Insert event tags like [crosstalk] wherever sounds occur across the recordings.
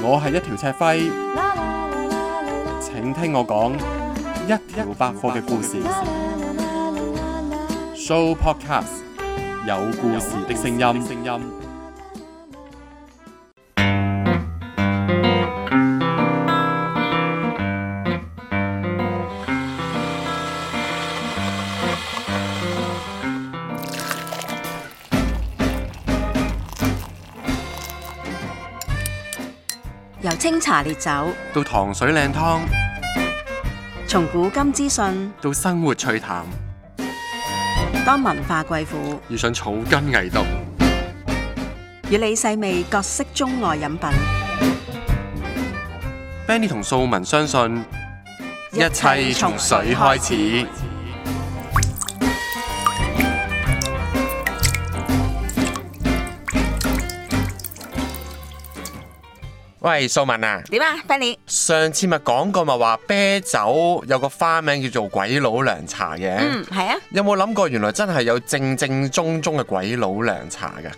我係一條赤輝，請聽我講一條百貨嘅故事。Show Podcast 有故事嘅聲音。茶烈酒到糖水靚湯，從古今資訊到生活趣談，當文化貴婦遇上草根藝道，與你細味各式中外飲品。Benny 同素文相信，一切從水開始。喂，素文啊，點啊，Beny？上次咪講過咪話啤酒有個花名叫做鬼佬涼茶嘅，嗯，係啊。有冇諗過原來真係有正正宗宗嘅鬼佬涼茶噶？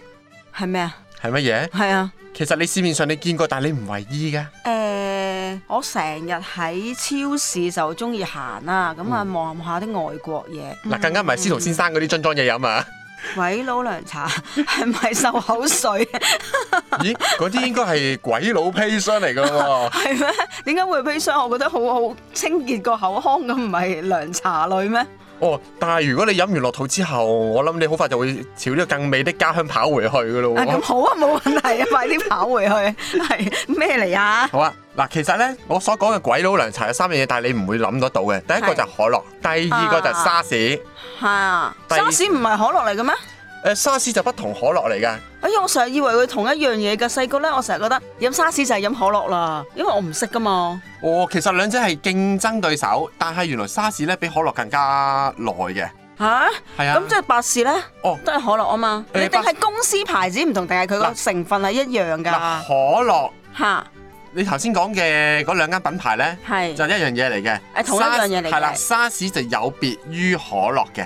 係咩啊？係乜嘢？係啊。其實你市面上你見過，但係你唔為意嘅。誒、欸，我成日喺超市就中意行啊，咁啊望下啲外國嘢。嗱、嗯，嗯、更加唔係司徒先生嗰啲樽裝嘢飲啊。嗯嗯鬼佬涼茶係唔係漱口水？ [laughs] 咦，嗰啲應該係鬼佬砒霜嚟噶喎？係咩？ [laughs] 點解會砒霜？我覺得好好，好清潔個口腔咁，唔係涼茶類咩？哦，但係如果你飲完落肚之後，我諗你好快就會朝呢個更美的家鄉跑回去噶咯喎！咁、啊、好啊，冇問題啊， [laughs] 快啲跑回去，係咩嚟啊？好啊！嗱，其實咧，我所講嘅鬼佬涼茶有三樣嘢，但係你唔會諗得到嘅。第一個就係可樂，第二個就係沙士。係第啊，沙士唔係可樂嚟嘅咩？誒、呃，沙士就不同可樂嚟嘅。哎呀，我成日以為佢同一樣嘢嘅。細個咧，我成日覺得飲沙士就係飲可樂啦，因為我唔識㗎嘛。哦，其實兩者係競爭對手，但係原來沙士咧比可樂更加耐嘅。嚇？係啊。咁、啊、即係百事咧？哦，都係可樂啊嘛。呃、你定係公司牌子唔同，定係佢個成分係一樣㗎、呃呃呃？可樂。嚇！你頭先講嘅嗰兩間品牌咧，是就係一樣嘢嚟嘅，同樣嘢嚟嘅。沙士就有別於可樂嘅，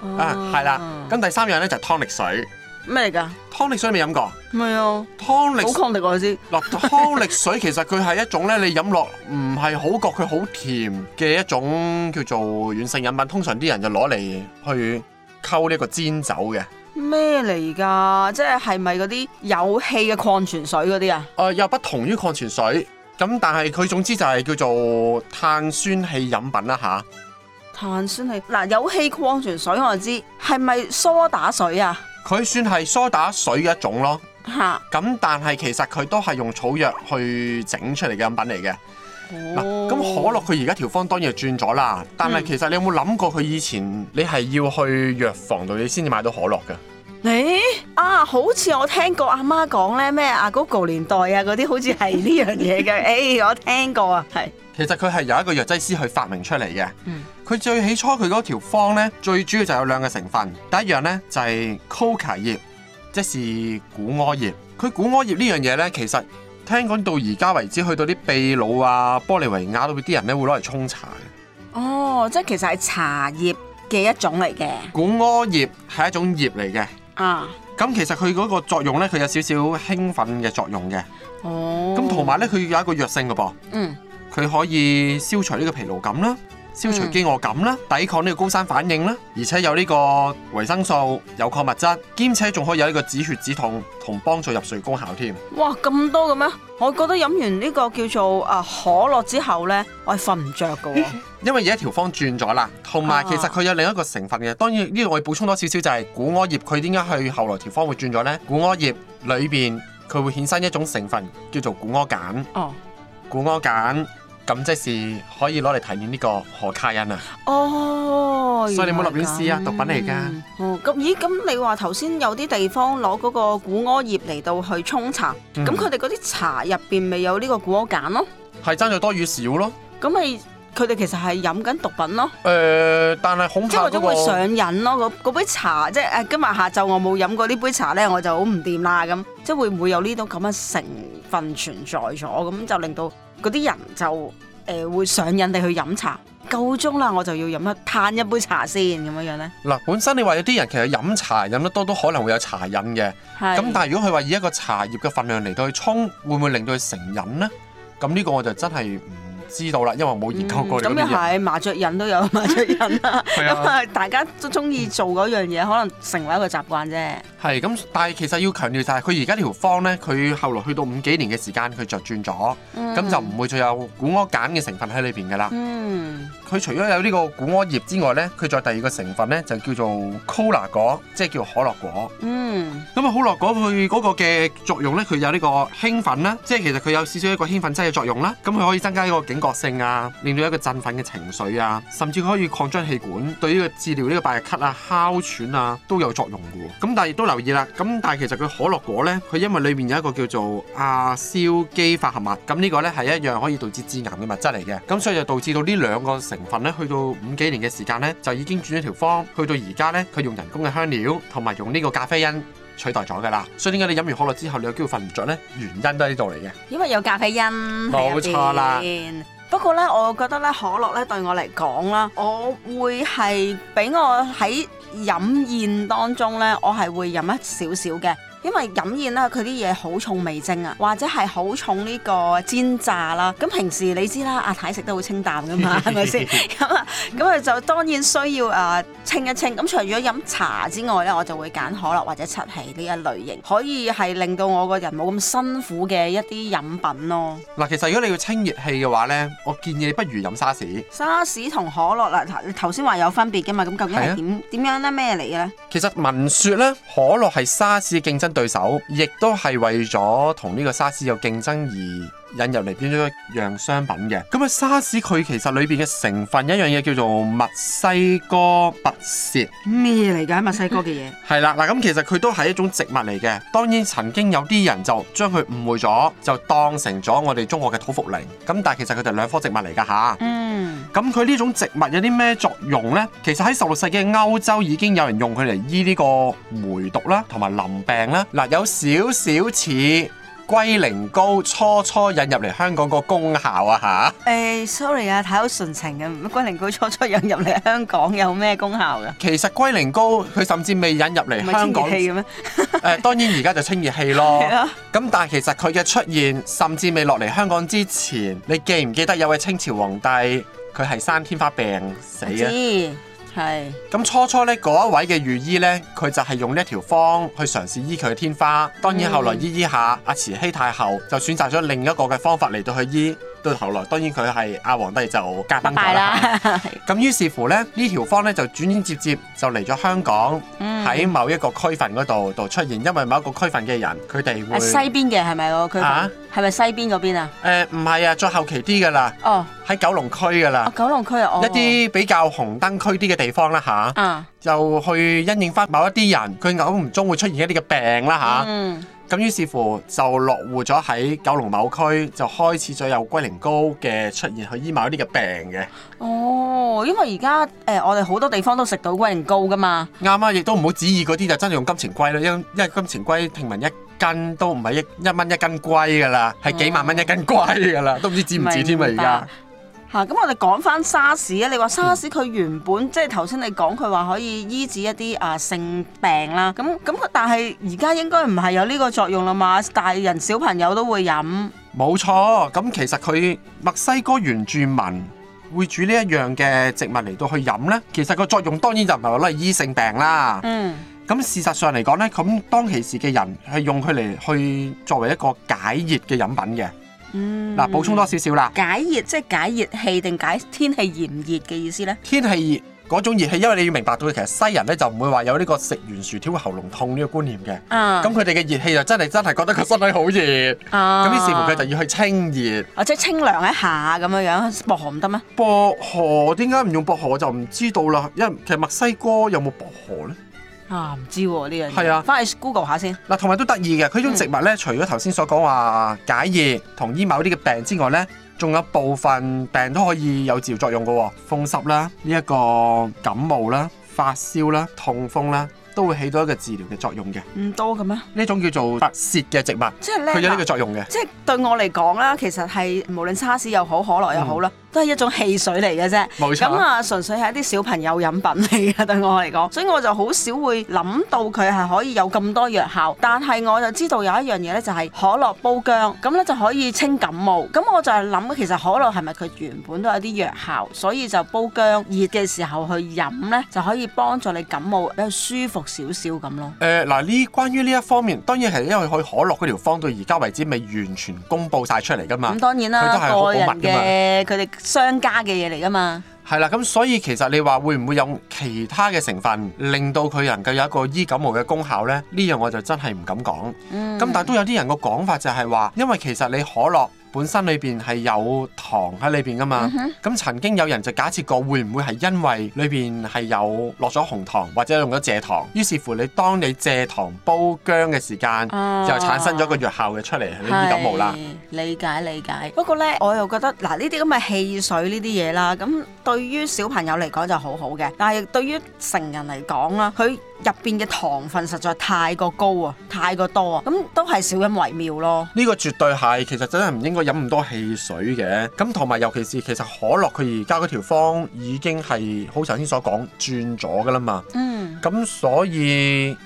哦、啊，係啦。咁第三樣咧就係、是、湯力水，咩嚟㗎？湯力水你未飲過？冇啊有。湯力好抗力我知。嗱，湯力水其實佢係一種咧，你飲落唔係好覺佢好甜嘅一種叫做軟性飲品，通常啲人就攞嚟去溝呢一個煎酒嘅。咩嚟噶？即係係咪嗰啲有氣嘅礦泉水嗰啲啊？誒、呃，又不同於礦泉水咁，但係佢總之就係叫做碳酸氣飲品啦吓。碳酸氣嗱、啊，有氣礦泉水我就知係咪梳打水啊？佢算係梳打水嘅一種咯。吓咁、啊，但係其實佢都係用草藥去整出嚟嘅飲品嚟嘅。嗱，咁可樂佢而家條方當然係轉咗啦，但係其實你有冇諗過佢以前你係要去藥房度你先至買到可樂噶？誒、欸、啊，好似我聽過阿媽講咧咩，阿 Google 年代啊嗰啲好似係呢樣嘢嘅，誒、 [laughs] 欸、我聽過啊，係。其實佢係由一個藥劑師去發明出嚟嘅，嗯，佢最起初佢嗰條方咧，最主要就有兩個成分，第一樣咧就係、是、Coca 葉，即是古柯葉，佢古柯葉呢樣嘢咧其實。聽講到而家為止，去到啲秘魯啊、玻利維亞度啲人咧會攞嚟沖茶。哦，即係其實係茶葉嘅一種嚟嘅。古柯葉係一種葉嚟嘅。啊，咁其實佢嗰個作用咧，佢有少少興奮嘅作用嘅。哦，咁同埋咧，佢有一個藥性嘅噃。嗯，佢可以消除呢個疲勞感啦。消除飢餓感啦，抵抗呢個高山反應啦，而且有呢個維生素、有礦物質，兼且仲可以有呢個止血止痛同幫助入睡功效添。哇，咁多嘅咩？我覺得飲完呢個叫做啊可樂之後呢，我係瞓唔著嘅。 [laughs] 因為而家條方轉咗啦，同埋其實佢有另一個成分嘅。啊啊，當然呢度我要補充多少少就係古柯葉，佢點解去後來條方會轉咗呢？古柯葉裏邊佢會衍生一種成分叫做古柯鹼。哦，古柯鹼。咁即係可以攞嚟提煉呢個可卡因啊！哦，所以你冇立亂試啊，嗯、毒品嚟㗎。哦、嗯，咁、嗯、咦，咁你話頭先有啲地方攞嗰個古柯葉嚟到去沖茶，咁佢哋嗰啲茶入邊咪有呢個古柯鹼咯？係爭在多與少咯。咁咪，佢哋其實係飲緊毒品咯。誒、呃，但係恐怕咗會上癮咯。嗰杯茶，即係誒、呃，今日下晝我冇飲過呢杯茶咧，我就好唔掂啦。咁即係會唔會有呢種咁嘅成分存在咗，咁就令到嗰啲人就誒、呃、會上癮地去飲茶。夠鐘啦，我就要飲一嘆一杯茶先咁樣樣咧。嗱、呃，本身你話有啲人其實飲茶飲得多都可能會有茶癮嘅。係是。咁但係如果佢話以一個茶葉嘅份量嚟到去沖，會唔會令到佢成癮咧？咁呢個我就真係唔知道啦，因為我冇研究過、嗯。咁又係麻雀癮都有麻雀癮啦， [laughs] 因為大家都中意做嗰樣嘢， [laughs] 可能成為一個習慣啫。係咁，但係其實要強調晒，佢而家條方咧，佢後來去到五幾年嘅時間，佢、嗯、就轉咗，咁就唔會再有古柯鹼嘅成分喺裏邊噶啦。嗯。佢除咗有呢個古柯葉之外咧，佢再第二個成分咧就叫做 cola 果，即係叫可樂果。嗯。咁啊、嗯，可樂果佢嗰個嘅作用咧，佢有呢個興奮啦，即係其實佢有少少一個興奮劑嘅作用啦。咁佢可以增加一個警覺性啊，令到一個振奮嘅情緒啊，甚至可以擴張氣管，對呢個治療呢個白日咳啊、哮喘啊都有作用嘅。咁但係亦都留意啦，咁但係其實佢可樂果呢，佢因為裏面有一個叫做亞硝基化合物，咁呢個呢係一樣可以導致致癌嘅物質嚟嘅。咁所以就導致到呢兩個成分呢，去到五幾年嘅時間呢，就已經轉咗條方，去到而家呢，佢用人工嘅香料同埋用呢個咖啡因。取代咗㗎喇，所以點解你飲完可樂之後你有機會瞓唔着咧？原因都喺呢度嚟嘅，因為有咖啡因。冇錯啦。不過咧，我覺得咧，可樂咧對我嚟講啦，我會係俾我喺飲宴當中咧，我係會飲一少少嘅。因為飲宴啦，佢啲嘢好重味精啊，或者係好重呢個煎炸啦。咁平時你知啦，阿、啊、太食得好清淡噶嘛，係咪先？咁、嗯、啊，咁、嗯、佢、嗯、就當然需要啊、呃、清一清。咁、嗯、除咗飲茶之外咧，我就會揀可樂或者七喜呢一類型，可以係令到我個人冇咁辛苦嘅一啲飲品咯。嗱，其實如果你要清熱氣嘅話咧，我建議你不如飲沙士。沙士同可樂嗱，頭先話有分別嘅嘛，咁究竟係點點樣咧？咩嚟嘅咧？呢其實聞説咧，可樂係沙士嘅競爭對手，亦都係為咗同呢個沙士有競爭而。引入變嚟咗一,一樣商品嘅咁啊？沙士佢其實裏邊嘅成分有一樣嘢叫做墨西哥菝葜，咩嚟㗎？墨西哥嘅嘢係啦，嗱咁其實佢都係一種植物嚟嘅。當然曾經有啲人就將佢誤會咗，就當成咗我哋中國嘅土茯苓。咁但係其實佢哋係兩科植物嚟㗎嚇。啊、嗯，咁佢呢種植物有啲咩作用呢？其實喺十六世紀嘅歐洲已經有人用佢嚟醫呢個梅毒啦，同埋淋病啦。嗱，有少少似。龜苓膏初初引入嚟香港個功效啊吓？誒、欸、，sorry 啊，睇好純情啊，龜苓膏初初引入嚟香港有咩功效噶、啊？其實龜苓膏佢甚至未引入嚟香港，唔係清熱氣嘅咩？誒、 [laughs] 呃，當然而家就清熱氣咯。咁、 [laughs] 啊、但係其實佢嘅出現甚至未落嚟香港之前，你記唔記得有位清朝皇帝佢係生天花病死啊？係咁是初初呢嗰一位嘅御醫呢，佢就係用呢一條方去嘗試醫佢嘅天花。當然後來醫醫下，阿、嗯、慈禧太后就選擇咗另一個嘅方法嚟到去醫。到後來，當然佢係阿皇帝就夾崩佢啦。咁、啊、於是乎咧，呢條方咧就轉轉接接就嚟咗香港，喺、嗯、某一個區份嗰度度出現，因為某一個區份嘅人佢哋會西邊嘅係咪嗰個區？係咪西邊嗰邊啊？誒唔係啊，再後期啲噶啦。哦喺九龍區噶啦。九龍區啊，一啲比較紅燈區啲嘅地方啦嚇。啊啊、就去因應翻某一啲人，佢偶然中會出現一啲嘅病啦嚇。啊、嗯。咁於是乎就落戶咗喺九龍某區，就開始咗有龜苓膏嘅出現去醫某啲嘅病嘅。哦，因為而家誒我哋好多地方都食到龜苓膏噶嘛。啱啱亦都唔好旨意嗰啲就真係用金錢龜啦，因因為金錢龜聽聞一斤都唔係一一蚊一斤龜噶啦，係幾萬蚊一斤龜噶啦，嗯、都唔知值唔值添啊而家。白嚇，咁我哋講翻沙士啊！ARS，你話沙士佢原本、嗯、即係頭先你講佢話可以醫治一啲啊性病啦，咁咁但係而家應該唔係有呢個作用啦嘛？大人小朋友都會飲。冇錯，咁其實佢墨西哥原住民會煮呢一樣嘅植物嚟到去飲呢，其實個作用當然就唔係攞嚟醫性病啦。嗯，咁、嗯、事實上嚟講呢，咁當其時嘅人係用佢嚟去作為一個解熱嘅飲品嘅。嗱，嗯、補充多少少啦，解熱即係、就是、解熱氣定解天氣炎熱嘅意思咧？天氣熱嗰種熱氣，因為你要明白到其實西人咧就唔會話有呢個食完薯條會喉嚨痛呢個觀念嘅，咁佢哋嘅熱氣就真係真係覺得佢身體好熱，咁於、啊、是乎佢就要去清熱，或者、啊啊、清涼一下咁樣樣薄，薄荷唔得咩？薄荷點解唔用薄荷我就唔知道啦！因為其實墨西哥有冇薄荷呢？啊，唔知喎呢樣嘢。係啊，翻、啊、去 Google 下先。嗱，同埋都得意嘅，佢種植物咧，除咗頭先所講話解熱同醫某啲嘅病之外咧，仲有部分病都可以有治療作用嘅、哦，風濕啦，呢、這、一個感冒啦，發燒啦，痛風啦。都會起到一個治療嘅作用嘅，唔多嘅咩？呢種叫做白屑嘅植物，佢有呢個作用嘅。即係對我嚟講啦，其實係無論沙士又好，可樂又好啦，嗯、都係一種汽水嚟嘅啫。冇錯。咁啊，純粹係一啲小朋友飲品嚟嘅，對我嚟講，所以我就好少會諗到佢係可以有咁多藥效。但係我就知道有一樣嘢咧，就係可樂煲薑咁咧就可以清感冒。咁我就係諗，其實可樂係咪佢原本都有啲藥效，所以就煲薑熱嘅時候去飲咧，就可以幫助你感冒比較舒服。少少咁咯。誒嗱、嗯，呢，關於呢一方面，當然係因為佢可樂嗰條方到而家為止未完全公布晒出嚟噶嘛。咁、嗯、當然啦，佢都係好保密嘅，個人嘅，佢哋商家嘅嘢嚟噶嘛。係啦，咁所以其實你話會唔會有其他嘅成分令到佢能夠有一個醫感冒嘅功效咧？呢樣我就真係唔敢講。咁、嗯、但係都有啲人個講法就係話，因為其實你可樂。本身裏邊係有糖喺裏邊噶嘛，咁、嗯、哼曾經有人就假設過會唔會係因為裏邊係有落咗紅糖或者用咗蔗糖，於是乎你當你蔗糖煲薑嘅時間、啊、就產生咗個藥效嘅出嚟去醫感冒啦。是理解理解，不過呢，我又覺得嗱呢啲咁嘅汽水呢啲嘢啦，咁對於小朋友嚟講就好好嘅，但係對於成人嚟講啦，佢。入邊嘅糖分實在太過高啊，太過多啊，咁都係少飲為妙咯。呢個絕對係，其實真係唔應該飲咁多汽水嘅。咁同埋尤其是其實可樂佢而家嗰條方已經係好頭先所講轉咗㗎喇嘛。嗯。咁所以。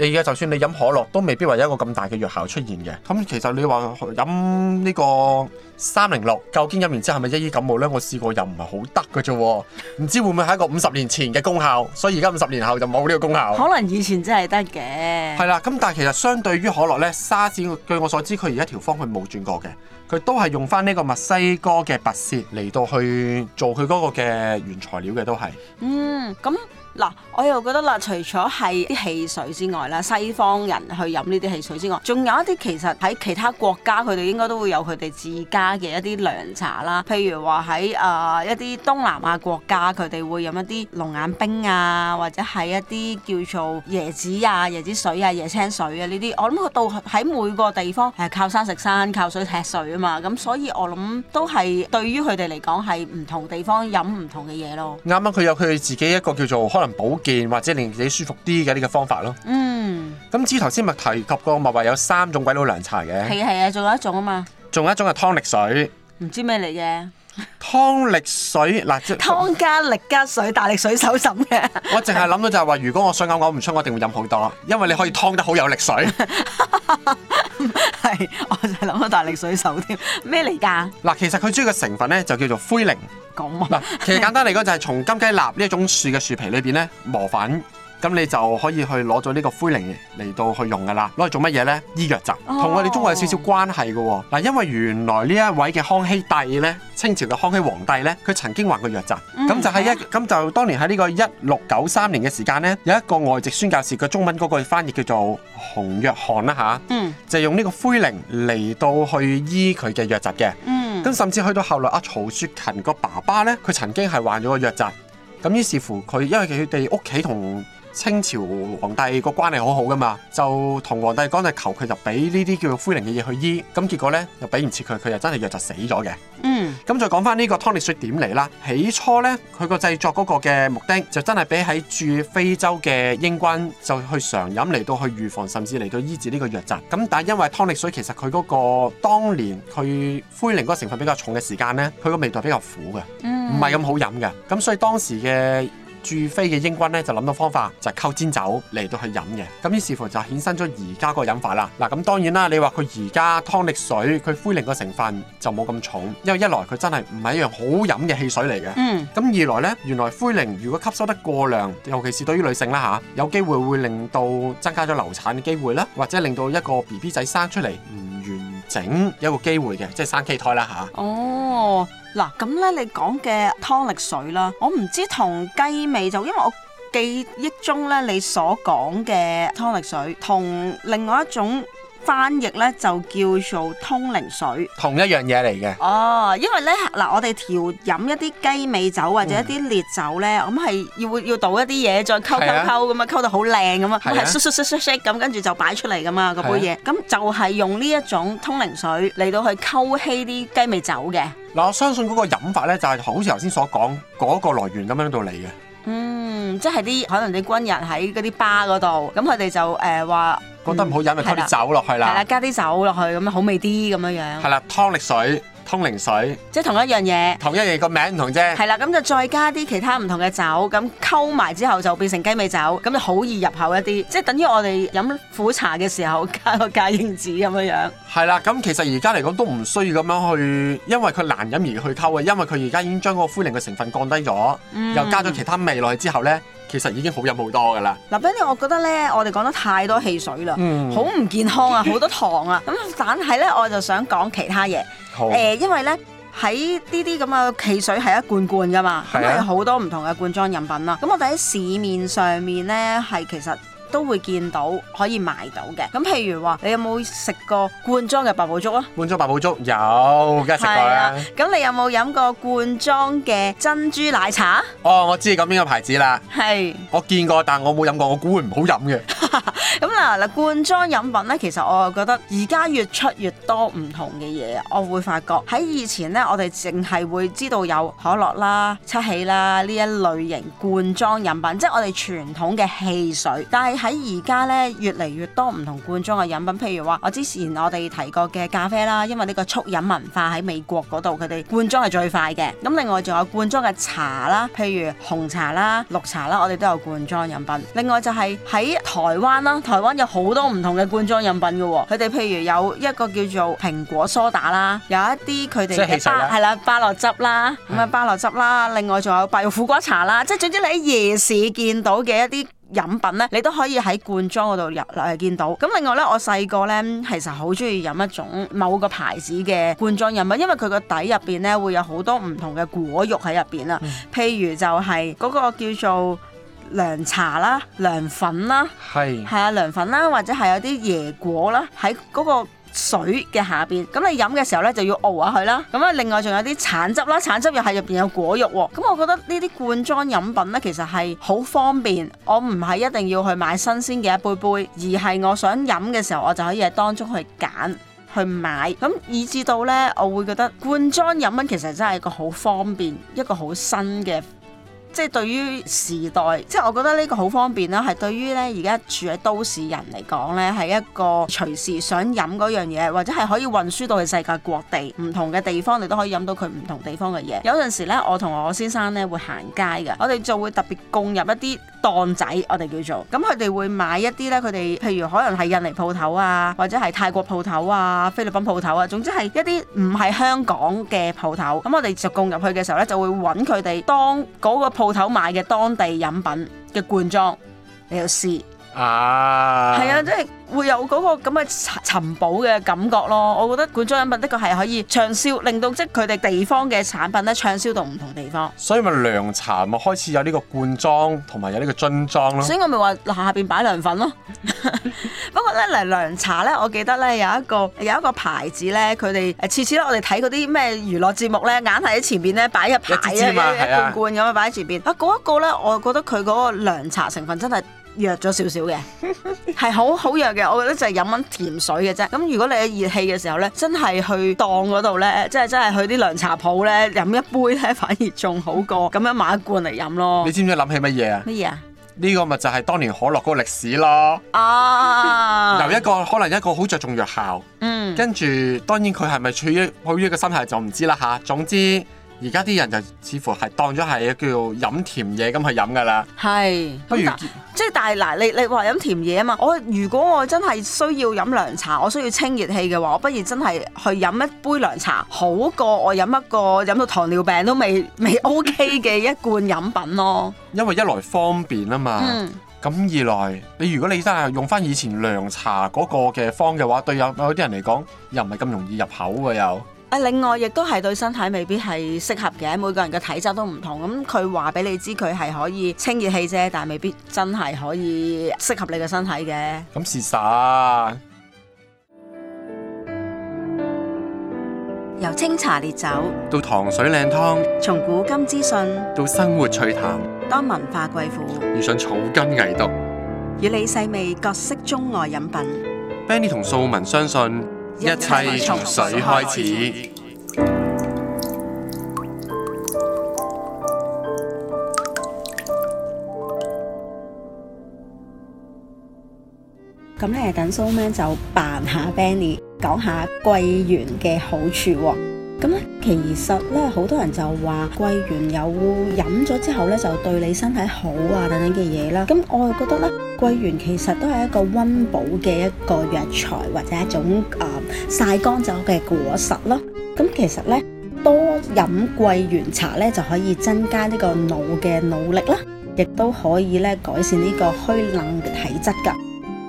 你而家就算你飲可樂，都未必話有一個咁大嘅藥效出現嘅。咁其實你話飲呢個三零六，究竟飲完之後係咪一醫感冒呢？我試過又唔係好得㗎啫喎，唔知會唔會係一個五十年前嘅功效，所以而家五十年後就冇呢個功效。可能以前真係得嘅。係啦，咁但係其實相對於可樂呢，沙士據我所知佢而家條方佢冇轉過嘅，佢都係用翻呢個墨西哥嘅白蝨嚟到去做佢嗰個嘅原材料嘅都係。嗯，咁。嗱，我又覺得啦，除咗係啲汽水之外啦，西方人去飲呢啲汽水之外，仲有一啲其實喺其他國家佢哋應該都會有佢哋自家嘅一啲涼茶啦。譬如話喺啊一啲東南亞國家，佢哋會飲一啲龍眼冰啊，或者係一啲叫做椰子啊、椰子水啊、椰青水啊呢啲。我諗佢到喺每個地方係靠山食山、靠水踢水啊嘛。咁所以我諗都係對於佢哋嚟講係唔同地方飲唔同嘅嘢咯。啱啱佢有佢自己一個叫做。可能保健或者令自己舒服啲嘅呢個方法咯。嗯，咁至於頭先咪提及過，咪話有三種鬼佬涼茶嘅。係啊係啊，仲有一種啊嘛。仲有一種係湯力水，唔知咩嚟嘅。湯力水嗱，湯 [laughs] 加力加水，大力水手浸嘅。 [laughs] 我淨係諗到就係話，如果我想嘔嘔唔出，我一定會飲好多，因為你可以湯得好有力水。 [laughs] 係， [laughs] 我就諗到大力水手添，咩嚟噶？嗱，其實佢主要嘅成分咧就叫做灰靈，嗱， [laughs] 其實簡單嚟講就係從金雞納呢一種樹嘅樹皮裏邊咧磨粉。咁你就可以去攞咗呢個奎寧嚟到去用噶啦，攞嚟做乜嘢呢？醫瘧疾，同我哋中國有少少關係噶、哦。嗱、哦，因為原來呢一位嘅康熙帝呢，清朝嘅康熙皇帝呢，佢曾經患過瘧疾。咁、嗯、就喺一，咁、嗯、就當年喺呢個一六九三年嘅時間呢，有一個外籍宣教士嘅中文嗰句翻譯叫做洪若翰啦嚇，啊嗯、就係用呢個奎寧嚟到去醫佢嘅瘧疾嘅。咁、嗯、甚至去到後來阿曹雪芹個爸爸呢，佢曾經係患咗個瘧疾。咁於是乎佢因為佢哋屋企同清朝皇帝個關係好好㗎嘛，就同皇帝講就求佢就俾呢啲叫做灰靈嘅嘢去醫，咁結果呢，又俾唔切佢，佢又真係藥就死咗嘅。嗯，咁再講返呢個湯力水點嚟啦。起初呢，佢個製作嗰個嘅目的就真係俾喺駐非洲嘅英軍就去常飲嚟到去預防甚至嚟到醫治呢個藥疾。咁但係因為湯力水其實佢嗰個當年佢灰靈嗰個成分比較重嘅時間呢，佢個味道係比較苦嘅，唔係咁好飲嘅。咁所以當時嘅住飛嘅英軍咧就諗到方法，就溝、是、煎酒嚟到去飲嘅，咁於是乎就衍生咗而家個飲法啦。嗱、啊，咁當然啦，你話佢而家湯力水，佢灰靈個成分就冇咁重，因為一來佢真係唔係一樣好飲嘅汽水嚟嘅，咁、嗯、二來呢，原來灰靈如果吸收得過量，尤其是對於女性啦吓、啊，有機會會令到增加咗流產嘅機會啦，或者令到一個 B B 仔生出嚟唔完。整一個機會嘅，即係生 K 胎啦吓、啊、哦，嗱，咁咧，你講嘅湯力水啦，我唔知同雞味就，因為我記憶中咧，你所講嘅湯力水同另外一種。翻譯咧就叫做通靈水，同一樣嘢嚟嘅哦，因為咧嗱，我哋調飲一啲雞尾酒或者一啲烈酒咧，咁係、嗯、要要倒一啲嘢再溝溝溝咁啊，溝到好靚咁啊，係 shushushushu 咁，跟住就擺出嚟噶嘛，個杯嘢咁是、啊、就係用呢一種通靈水嚟到去溝稀啲雞尾酒嘅嗱、嗯，我相信嗰個飲法咧就係好似頭先所講嗰、嗰個來源咁樣到嚟嘅。嗯，即係啲可能啲軍人喺嗰啲吧嗰度，咁佢哋就誒話、呃嗯、覺得唔好飲，嗯、就加啲酒落去啦，係啦，加啲酒落去咁好味啲咁樣樣，係啦，湯力水。通靈水，即係同一樣嘢，同一樣個名唔同啫。係啦，咁就再加啲其他唔同嘅酒，咁溝埋之後就變成雞尾酒，咁就好易入口一啲，即係等於我哋飲苦茶嘅時候加個嘉應子咁樣樣。係啦，咁其實而家嚟講都唔需要咁樣去，因為佢難飲而去溝啊，因為佢而家已經將嗰個灰靈嘅成分降低咗，嗯、又加咗其他味落去之後咧。其實已經好飲好多㗎啦！嗱，跟住我覺得咧，我哋講得太多汽水啦，嗯、好唔健康啊，好多糖啊！咁但係咧，我就想講其他嘢，誒好、呃，因為咧喺呢啲咁嘅汽水係一罐罐㗎嘛，因為好多唔同嘅罐裝飲品啦、啊。咁、啊、我哋喺市面上面咧，係其實。都會見到可以買到嘅咁，譬如話你有冇食過罐裝嘅八寶粥啊？罐裝八寶粥有，梗係食過啦。咁你有冇飲過罐裝嘅珍珠奶茶？哦，我知咁邊個牌子啦。係是。我見過，但我冇飲過，我估會唔好飲嘅。咁嗱，嗱罐裝飲品咧，其實我覺得而家越出越多唔同嘅嘢，我會發覺喺以前咧，我哋淨係會知道有可樂啦、七喜啦呢一類型罐裝飲品，即係我哋傳統嘅汽水，但係。喺而家咧，越嚟越多唔同罐裝嘅飲品，譬如話我之前我哋提過嘅咖啡啦，因為呢個速飲文化喺美國嗰度，佢哋罐裝係最快嘅。咁另外仲有罐裝嘅茶啦，譬如紅茶啦、綠茶啦，我哋都有罐裝飲品。另外就係喺台灣啦，台灣有好多唔同嘅罐裝飲品嘅喎、喔，佢哋譬如有一個叫做蘋果梳打啦，有一啲佢哋嘅係啦，芭樂汁啦，咁啊的巴樂汁啦，另外仲有白肉苦瓜茶啦，即係總之你喺夜市見到嘅一啲。飲品咧，你都可以喺罐裝嗰度入嚟見到。咁另外咧，我細個咧其實好中意飲一種某個牌子嘅罐裝飲品，因為佢個底入邊咧會有好多唔同嘅果肉喺入邊啦。譬如就係嗰個叫做涼茶啦、涼粉啦，係係是啊涼粉啦，或者係有啲椰果啦，喺嗰個。水嘅下邊，咁你飲嘅時候呢，就要熬下佢啦。咁咧，另外仲有啲橙汁啦，橙汁又係入邊有果肉喎，哦。咁我覺得呢啲罐裝飲品呢，其實係好方便，我唔係一定要去買新鮮嘅一杯杯，而係我想飲嘅時候，我就可以喺當中去揀去買。咁以至到呢，我會覺得罐裝飲品其實真係一個好方便、一個好新嘅。即係對於時代，即係我覺得呢個好方便啦，係對於咧而家住喺都市人嚟講咧，係一個隨時想飲嗰樣嘢，或者係可以運輸到去世界各地唔同嘅地方，你都可以飲到佢唔同地方嘅嘢。有陣時咧，我同我先生咧會行街嘅，我哋就會特別共入一啲。檔仔我哋叫做，咁佢哋會買一啲呢，佢哋譬如可能係印尼鋪頭啊，或者係泰國鋪頭啊、菲律賓鋪頭啊，總之係一啲唔係香港嘅鋪頭。咁我哋就供入去嘅時候呢，就會揾佢哋當嗰個鋪頭買嘅當地飲品嘅罐裝嚟試。啊！係啊，即係會有嗰個咁嘅尋寶嘅感覺咯。我覺得罐裝飲品的確係可以暢銷，令到即係佢哋地方嘅產品咧暢銷到唔同地方。所以咪涼茶咪開始有呢個罐裝同埋有呢個樽裝咯。所以我咪話下邊擺涼粉咯。 [laughs] 不過咧，嗱涼茶咧，我記得咧有一個有一個牌子咧，佢哋次次咧，我哋睇嗰啲咩娛樂節目咧，硬係喺前邊咧擺一排罐罐咁是啊，擺喺前邊啊嗰一個咧，我覺得佢嗰個涼茶成分真係～弱咗少少嘅，係好好弱嘅，我覺得就係飲緊甜水嘅啫。咁如果你喺熱氣嘅時候咧，真係去檔嗰度咧，即係真係去啲涼茶鋪咧飲一杯咧，反而仲好過咁樣買一罐嚟飲咯。你知唔知諗起乜嘢啊？乜嘢啊？呢個咪就係當年可樂嗰個歷史咯。啊！由一個可能一個好著重藥效，嗯，跟住當然佢係咪處於處於一個心態就唔知啦嚇。總之。而家啲人就似乎係當咗係叫做飲甜嘢咁去飲㗎喇，係是不如即係但係嗱、就係，你你話飲甜嘢啊嘛？我如果我真係需要飲涼茶，我需要清熱氣嘅話，我不如真係去飲一杯涼茶，好過我飲一個飲到糖尿病都未未 OK 嘅 [laughs] 一罐飲品咯。因為一來方便啊嘛，咁、嗯、二來你如果你真係用返以前涼茶嗰個嘅方嘅話，對有有啲人嚟講又唔係咁容易入口嘅又。啊！另外，亦都係對身體未必係適合嘅。每個人嘅體質都唔同，咁佢話俾你知佢係可以清熱氣啫，但係未必真係可以適合你嘅身體嘅。咁事實、啊、由清茶烈酒到糖水靚湯，從古今資訊到生活趣談，當文化貴婦遇上草根藝毒，與你細味各式中外飲品，Benny 同素文相信。一切從水開始。咁 [noise] 咧樂，你等蘇 Man 就扮下 Benny，講下桂圓嘅好處喎、哦。咁咧，其實咧，好多人就話桂圓有飲咗之後咧，就對你身體好啊等等嘅嘢啦。咁我又覺得咧，桂圓其實都係一個溫補嘅一個藥材，或者一種啊、呃、曬乾咗嘅果實咯。咁其實咧，多飲桂圓茶咧就可以增加呢個腦嘅腦力啦，亦都可以咧改善呢個虛冷嘅體質㗎。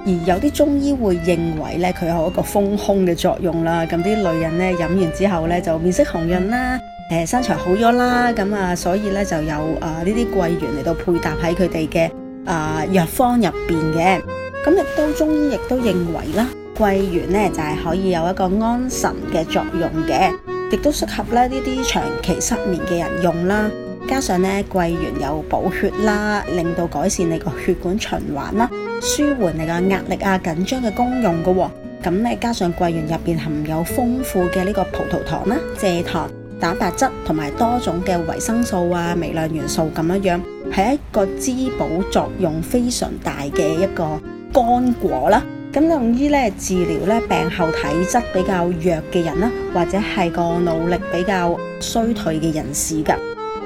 而有啲中醫會認為咧，佢有一個豐胸嘅作用啦。咁啲女人咧飲完之後咧就面色紅潤啦，誒、呃、身材好咗啦。咁啊，所以咧就有啊呢啲桂圓嚟到配搭喺佢哋嘅啊藥方入邊嘅。咁亦都中醫亦都認為啦，桂圓咧就係、是、可以有一個安神嘅作用嘅，亦都適合咧呢啲長期失眠嘅人用啦。加上咧桂圓有補血啦，令到改善你個血管循環啦。舒緩你個壓力啊緊張嘅功用噶、哦，咁咧加上桂圓入邊含有豐富嘅呢個葡萄糖啦、啊、蔗糖、蛋白質同埋多種嘅維生素啊微量元素咁樣樣，係一個滋補作用非常大嘅一個乾果啦。咁用於咧治療咧病後體質比較弱嘅人啦、啊，或者係個腦力比較衰退嘅人士嘅。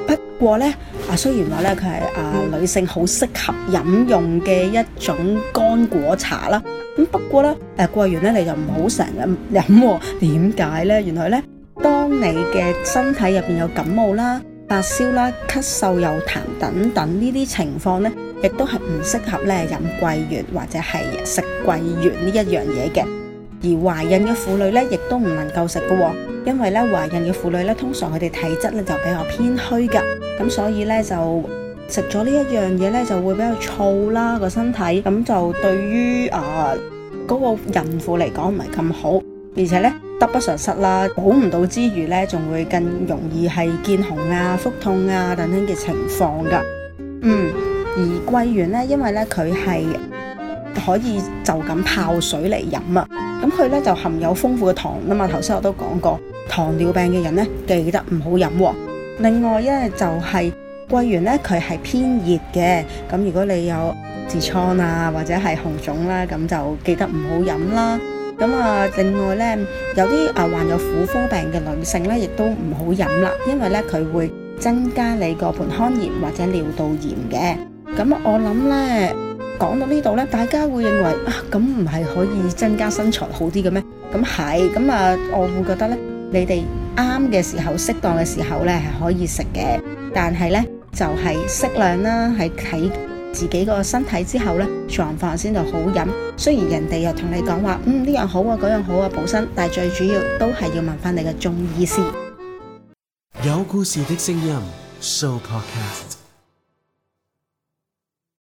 不過咧，啊雖然話咧佢係啊女性好適合飲用嘅一種乾果茶啦，咁、啊、不過咧，誒、呃、桂圓咧你就唔好成日飲，點解咧？原來咧，當你嘅身體入邊有感冒啦、發燒啦、咳嗽有痰等等呢啲情況咧，亦都係唔適合咧飲桂圓或者係食桂圓呢一樣嘢嘅。而懷孕嘅婦女咧，亦都唔能夠食噶、哦。因為咧，懷孕嘅婦女咧，通常佢哋體質咧就比較偏虛噶，咁所以咧就食咗呢一樣嘢咧就會比較燥啦、個身體，咁就對於啊嗰、呃個孕婦嚟講唔係咁好，而且咧得不償失啦，補唔到之餘咧，仲會更容易係見紅啊、腹痛啊等等嘅情況噶。嗯，而桂圓咧，因為咧佢係可以就咁泡水嚟飲啊，咁佢咧就含有豐富嘅糖啊嘛，頭先我都講過。糖尿病嘅人咧，記得唔好飲，哦。另外咧就係桂圓咧，佢係偏熱嘅。咁如果你有痔瘡啊，或者係紅腫啦，啊，咁就記得唔好飲啦。咁啊，另外咧有啲啊患有婦科病嘅女性咧，亦都唔好飲啦，因為咧佢會增加你個盆腔炎或者尿道炎嘅。咁我諗咧講到呢度咧，大家會認為啊，咁唔係可以增加身材好啲嘅咩？咁係咁啊，我會覺得咧。你哋啱嘅時候，適當嘅時候呢係可以食嘅，但係呢，就係、是、適量啦，係睇自己個身體之後呢，狀況先到好飲。雖然人哋又同你講話，嗯呢樣好啊，嗰樣好啊，補身，但係最主要都係要問翻你嘅中醫師。有故事的聲音，Show Podcast。